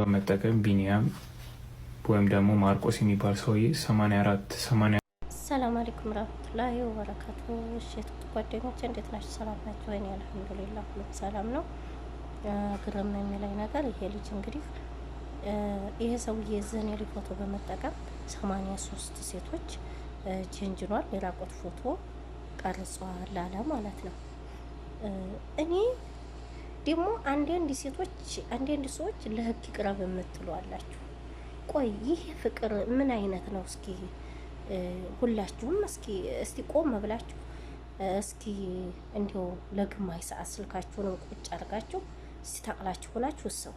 በመጠቀም ቢኒያም ወይም ደግሞ ማርቆስ የሚባል ሰውዬ 84 ሰላም አለይኩም ረህመቱላሂ ወበረካቱ። እሸት ጓደኞች እንዴት ናቸው? ሰላም ናቸው ወይ? አልሐምዱሊላ ሁሉም ሰላም ነው። ግርም የሚለኝ ነገር ይሄ ልጅ እንግዲህ ይሄ ሰውዬ ዘኔሊ ፎቶ በመጠቀም 83 ሴቶች ጀንጅኗል፣ የራቆት ፎቶ ቀርጿል አለ ማለት ነው እኔ ደግሞ አንዳንድ ሴቶች አንዳንድ ሰዎች ለህግ ይቅረብ የምትሉ አላችሁ። ቆይ ይህ ፍቅር ምን አይነት ነው? እስኪ ሁላችሁም እስኪ እስቲ ቆም ብላችሁ እስኪ እንዲያው ለግማሽ ሰዓት ስልካችሁንም ቁጭ አድርጋችሁ እስቲ ታቅላችሁ ብላችሁ ሰው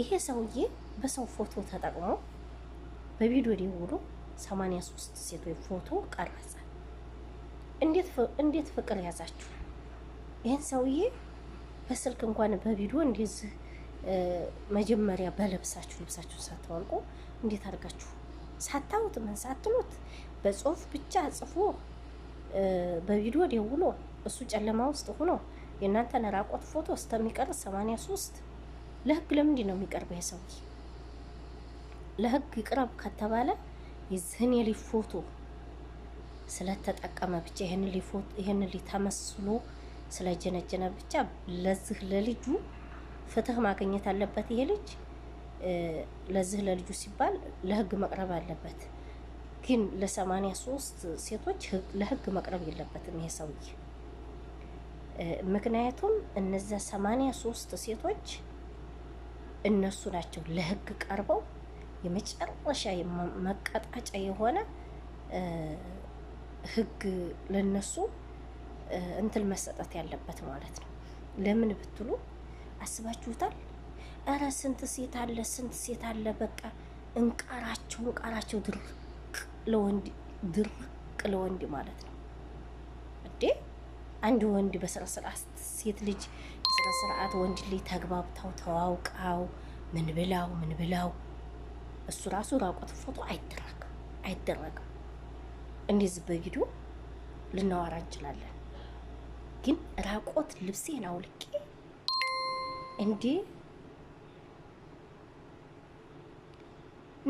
ይሄ ሰውዬ በሰው ፎቶ ተጠቅሞ በቪዲዮ ደውሎ 83 ሴቶች ፎቶ ቀረጸ። እንዴት እንዴት ፍቅር ያዛችሁ? ይህን ሰውዬ በስልክ እንኳን በቪዲዮ እንደዚህ መጀመሪያ በለብሳችሁ ልብሳችሁን ሳታወልቁ እንዴት አድርጋችሁ ሳታዩት ምን ሳትሉት በጽሁፍ ብቻ ጽፎ በቪዲዮ ደውሎ እሱ ጨለማ ውስጥ ሆኖ የእናንተን ራቆት ፎቶ እስከሚቀርጽ ሰማንያ ሶስት ለህግ ለምንድን ነው የሚቀርበው? ይህ ለህግ ይቅረብ ከተባለ የዚህን የሊ ፎቶ ስለተጠቀመ ብቻ ይህን ይህን ሊ ተመስሎ ስለጀነጀነ ብቻ ለዚህ ለልጁ ፍትህ ማግኘት አለበት። ይሄ ልጅ ለዚህ ለልጁ ሲባል ለህግ መቅረብ አለበት። ግን ለሰማንያ ሶስት ሴቶች ለህግ መቅረብ የለበትም ይሄ ሰውዬ። ምክንያቱም እነዚያ ሰማንያ ሶስት ሴቶች እነሱ ናቸው ለህግ ቀርበው የመጨረሻ መቀጣጫ የሆነ ህግ ለነሱ እንትል መሰጠት ያለበት ማለት ነው። ለምን ብትሉ አስባችሁታል? እረ ስንት ሴት አለ፣ ስንት ሴት አለ። በቃ እንቃራቸው እንቃራቸው፣ ድርቅ ለወንድ ድርቅ ለወንድ ማለት ነው እዴ አንድ ወንድ በስነ ስርዓት ሴት ልጅ በስነ ስርዓት ወንድ ልጅ ተግባብተው ተዋውቃው ምን ብላው ምን ብላው እሱ ራሱ ራቆት ፎቶ አይደረግም አይደረግም። እንደዚህ በቪዲዮ ልናወራ እንችላለን። ግን ራቆት ልብሴን አውልቄ እንዴ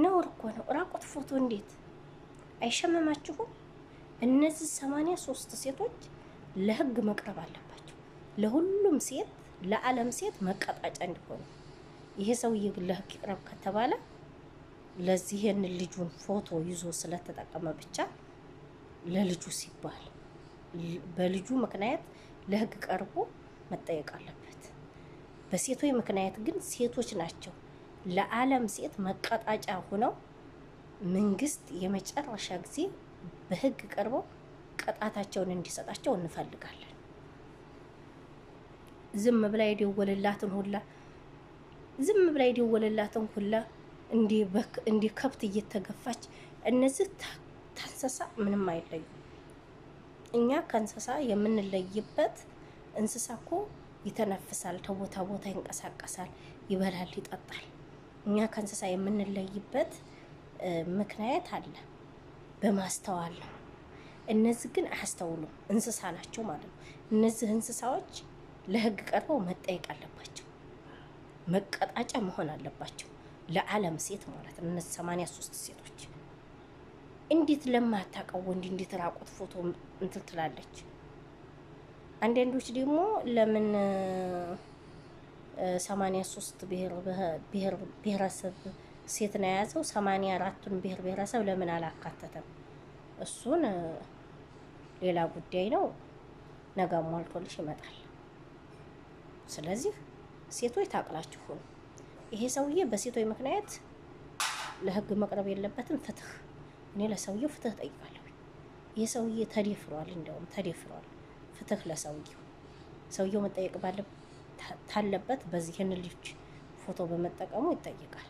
ነውር እኮ ነው። ራቆት ፎቶ እንዴት አይሸመማችሁም? እነዚህ ሰማንያ ሶስት ሴቶች ለህግ መቅረብ አለባቸው። ለሁሉም ሴት ለዓለም ሴት መቀጣጫ እንዲሆኑ ይሄ ሰውዬ ለህግ ይቅረብ ከተባለ ለዚህን ልጁን ፎቶ ይዞ ስለተጠቀመ ብቻ ለልጁ ሲባል በልጁ ምክንያት ለህግ ቀርቦ መጠየቅ አለበት። በሴቶች ምክንያት ግን ሴቶች ናቸው ለዓለም ሴት መቀጣጫ ሆነው መንግስት የመጨረሻ ጊዜ በህግ ቀርበው ቅጣታቸውን እንዲሰጣቸው እንፈልጋለን። ዝም ብላ የደወለላትን ሁላ ዝም ብላ የደወለላትን ሁላ እንዲህ ከብት እየተገፋች እነዚህ ተንሰሳ ምንም አይለዩም። እኛ ከእንስሳ የምንለይበት እንስሳ እኮ ይተነፍሳል፣ ከቦታ ቦታ ይንቀሳቀሳል፣ ይበላል፣ ይጠጣል። እኛ ከእንስሳ የምንለይበት ምክንያት አለ፣ በማስተዋል ነው። እነዚህ ግን አያስተውሉም፣ እንስሳ ናቸው ማለት ነው። እነዚህ እንስሳዎች ለህግ ቀርበው መጠየቅ አለባቸው፣ መቀጣጫ መሆን አለባቸው። ለዓለም ሴት ማለት ነው እነዚህ ሶስት ሴቶች እንዴት ለማታውቀው ወንድ እንዴት ራቁት ፎቶ እንትን ትላለች? አንዳንዶች ደግሞ ለምን ሰማንያ ሶስት ብሔረሰብ ሴት ነው የያዘው፣ ሰማንያ አራቱን ብሔር ብሔረሰብ ለምን አላካተተም? እሱን ሌላ ጉዳይ ነው። ነገ ሟልቶልሽ ይመጣል። ስለዚህ ሴቶች ታቅላችሁን ይሄ ሰውዬ በሴቶች ምክንያት ለህግ መቅረብ የለበትም። ፍትህ እኔ ለሰውየው ፍትህ ጠይቃለሁ። ይህ ሰውዬ ተደፍሯል፣ እንደውም ተደፍሯል። ፍትህ ለሰውየው። ሰውየው መጠየቅ ታለበት በዚህን ልጅ ፎቶ በመጠቀሙ ይጠይቃል።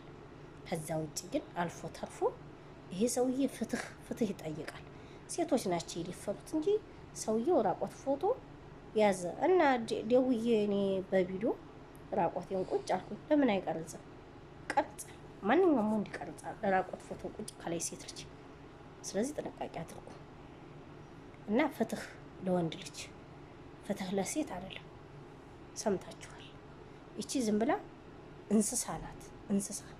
ከዛ ውጭ ግን አልፎ ተርፎ ይሄ ሰውዬ ፍትህ ፍትህ ይጠይቃል። ሴቶች ናቸው የደፈሩት እንጂ ሰውየው ራቆት ፎቶ ያዘ እና ደውዬ እኔ በቪዲዮ ራቆቴን ቁጭ አልኩኝ። ለምን አይቀርጽም? ቀርጽ ማንኛውም ወንድ ቀርጻ ራቆት ፎቶ ቁጭ ከላይ ሴት ልጅ ስለዚህ ጥንቃቄ አድርጉ እና ፍትህ ለወንድ ልጅ ፍትህ ለሴት አይደለም። ሰምታችኋል። ይቺ ዝም ብላ እንስሳ ናት እንስሳ